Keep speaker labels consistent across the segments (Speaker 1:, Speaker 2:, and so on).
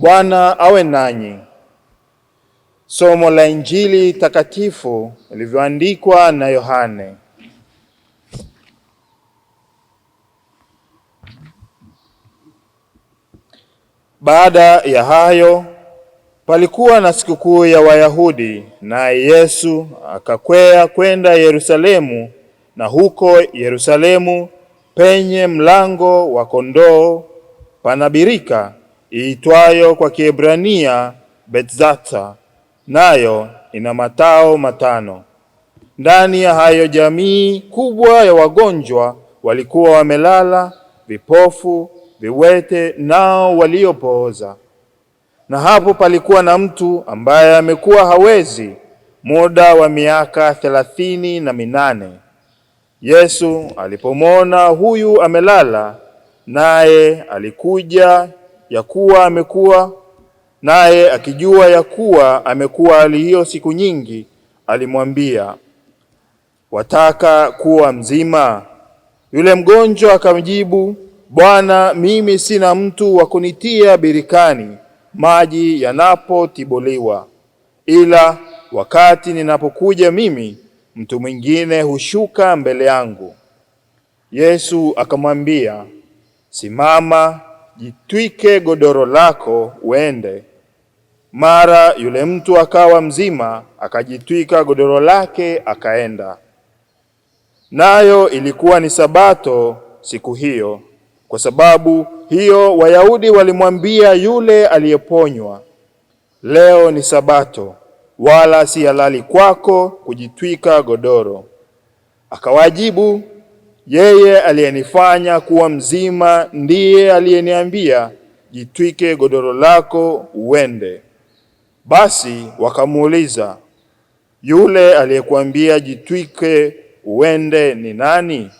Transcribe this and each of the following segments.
Speaker 1: Bwana awe nanyi. Somo la Injili takatifu ilivyoandikwa na Yohane. Baada ya hayo, palikuwa na sikukuu ya Wayahudi, naye Yesu akakwea kwenda Yerusalemu, na huko Yerusalemu penye mlango wa kondoo panabirika iitwayo kwa Kiebrania betzata nayo ina matao matano. Ndani ya hayo jamii kubwa ya wagonjwa walikuwa wamelala, vipofu, viwete, nao waliopooza. Na hapo palikuwa na mtu ambaye amekuwa hawezi muda wa miaka thelathini na minane. Yesu alipomwona huyu amelala, naye alikuja ya kuwa amekuwa naye, akijua ya kuwa amekuwa hali hiyo siku nyingi, alimwambia, wataka kuwa mzima? Yule mgonjwa akamjibu, Bwana, mimi sina mtu wa kunitia birikani maji yanapotiboliwa, ila wakati ninapokuja mimi, mtu mwingine hushuka mbele yangu. Yesu akamwambia, simama jitwike godoro lako uende. Mara yule mtu akawa mzima, akajitwika godoro lake akaenda. Nayo ilikuwa ni Sabato siku hiyo. Kwa sababu hiyo, Wayahudi walimwambia yule aliyeponywa, leo ni Sabato, wala si halali kwako kujitwika godoro. Akawajibu, yeye aliyenifanya kuwa mzima ndiye aliyeniambia, jitwike godoro lako uende. Basi wakamuuliza, yule aliyekuambia jitwike uende ni nani?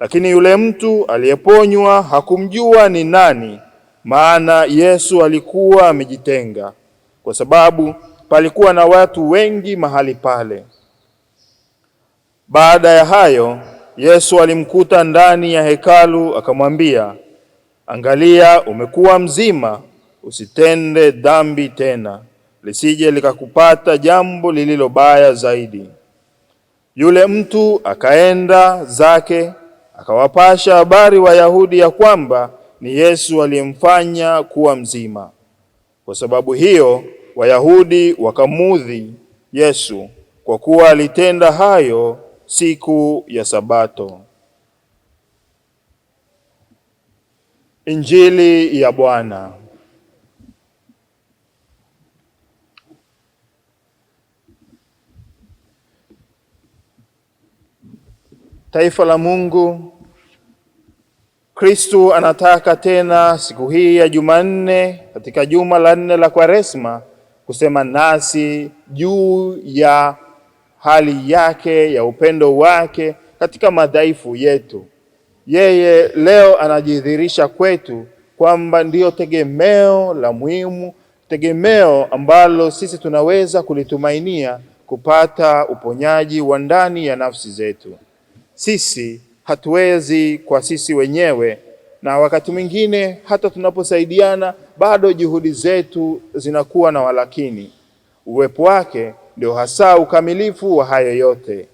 Speaker 1: Lakini yule mtu aliyeponywa hakumjua ni nani, maana Yesu alikuwa amejitenga, kwa sababu palikuwa na watu wengi mahali pale. Baada ya hayo Yesu alimkuta ndani ya hekalu akamwambia, angalia, umekuwa mzima, usitende dhambi tena, lisije likakupata jambo lililo baya zaidi. Yule mtu akaenda zake akawapasha habari Wayahudi ya kwamba ni Yesu aliyemfanya kuwa mzima. Kwa sababu hiyo Wayahudi wakamudhi Yesu kwa kuwa alitenda hayo siku ya Sabato. Injili ya Bwana. Taifa la Mungu, Kristu anataka tena siku hii ya Jumanne katika juma la nne la Kwaresma kusema nasi juu ya hali yake ya upendo wake katika madhaifu yetu. Yeye leo anajidhihirisha kwetu kwamba ndiyo tegemeo la muhimu, tegemeo ambalo sisi tunaweza kulitumainia kupata uponyaji wa ndani ya nafsi zetu. Sisi hatuwezi kwa sisi wenyewe, na wakati mwingine hata tunaposaidiana bado juhudi zetu zinakuwa na walakini. Uwepo wake ndio hasa ukamilifu wa hayo yote.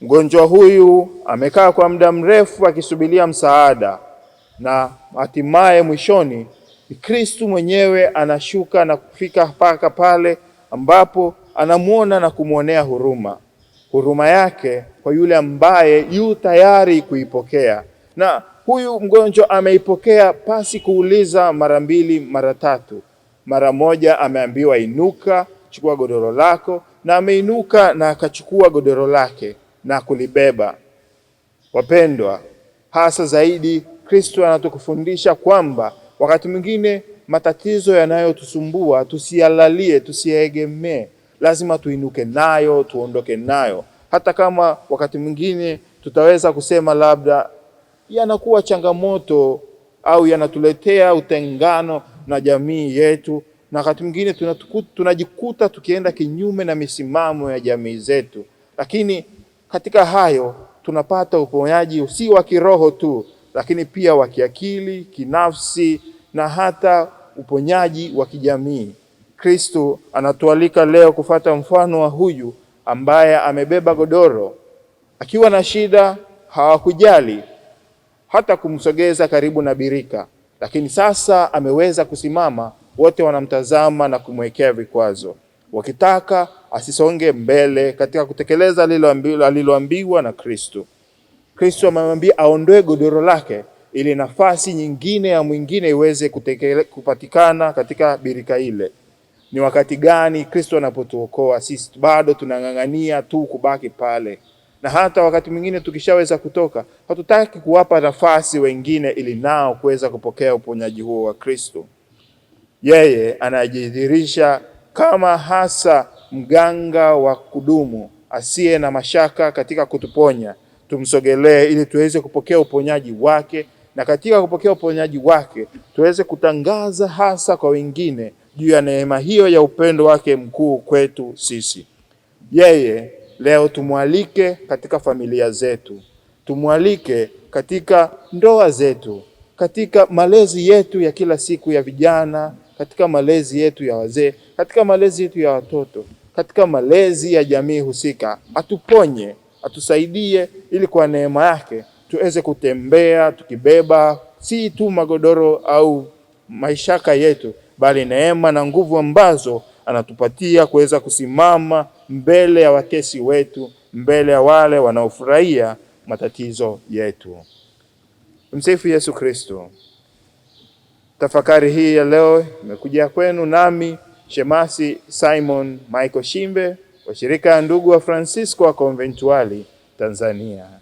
Speaker 1: Mgonjwa huyu amekaa kwa muda mrefu akisubiria msaada, na hatimaye mwishoni Kristu mwenyewe anashuka na kufika mpaka pale ambapo anamwona na kumwonea huruma, huruma yake kwa yule ambaye yu tayari kuipokea. Na huyu mgonjwa ameipokea pasi kuuliza mara mbili, mara tatu. Mara moja ameambiwa inuka, chukua godoro lako, na ameinuka na akachukua godoro lake na kulibeba. Wapendwa, hasa zaidi Kristo anatukufundisha kwamba wakati mwingine matatizo yanayotusumbua tusiyalalie, tusiyaegemee, lazima tuinuke nayo, tuondoke nayo, hata kama wakati mwingine tutaweza kusema labda yanakuwa changamoto au yanatuletea utengano na jamii yetu na wakati mwingine tunajikuta tukienda kinyume na misimamo ya jamii zetu, lakini katika hayo tunapata uponyaji si wa kiroho tu, lakini pia wa kiakili, kinafsi na hata uponyaji wa kijamii. Kristo anatualika leo kufata mfano wa huyu ambaye amebeba godoro akiwa na shida. Hawakujali hata kumsogeza karibu na birika, lakini sasa ameweza kusimama wote wanamtazama na kumwekea vikwazo, wakitaka asisonge mbele katika kutekeleza aliloambiwa na Kristo. Kristo amemwambia aondoe godoro lake ili nafasi nyingine ya mwingine iweze kupatikana katika birika ile. Ni wakati gani Kristo anapotuokoa sisi bado tunang'ang'ania tu kubaki pale, na hata wakati mwingine tukishaweza kutoka hatutaki kuwapa nafasi wengine ili nao kuweza kupokea uponyaji huo wa Kristo yeye anajidhihirisha kama hasa mganga wa kudumu asiye na mashaka katika kutuponya. Tumsogelee ili tuweze kupokea uponyaji wake, na katika kupokea uponyaji wake tuweze kutangaza hasa kwa wengine juu ya neema hiyo ya upendo wake mkuu kwetu sisi. Yeye leo tumwalike katika familia zetu, tumwalike katika ndoa zetu, katika malezi yetu ya kila siku ya vijana katika malezi yetu ya wazee, katika malezi yetu ya watoto, katika malezi ya jamii husika, atuponye, atusaidie, ili kwa neema yake tuweze kutembea tukibeba si tu magodoro au maishaka yetu, bali neema na nguvu ambazo anatupatia kuweza kusimama mbele ya watesi wetu, mbele ya wale wanaofurahia matatizo yetu. Msifu Yesu Kristo. Tafakari hii ya leo imekuja kwenu nami Shemasi Simon Michael Shimbe wa shirika ya ndugu wa Francisco wa conventuali Tanzania.